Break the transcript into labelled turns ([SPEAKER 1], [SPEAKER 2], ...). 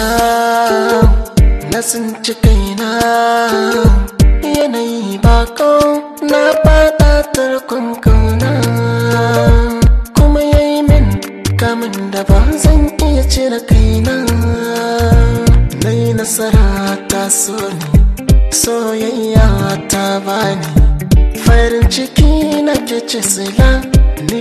[SPEAKER 1] kaina na tsinci kaina yanayi bako na fada tarkon kauna kuma yi min kamun da ba zan iya cire kaina na yi nasara ta so ne soyayya ta bani farin ciki na ke ce
[SPEAKER 2] ni.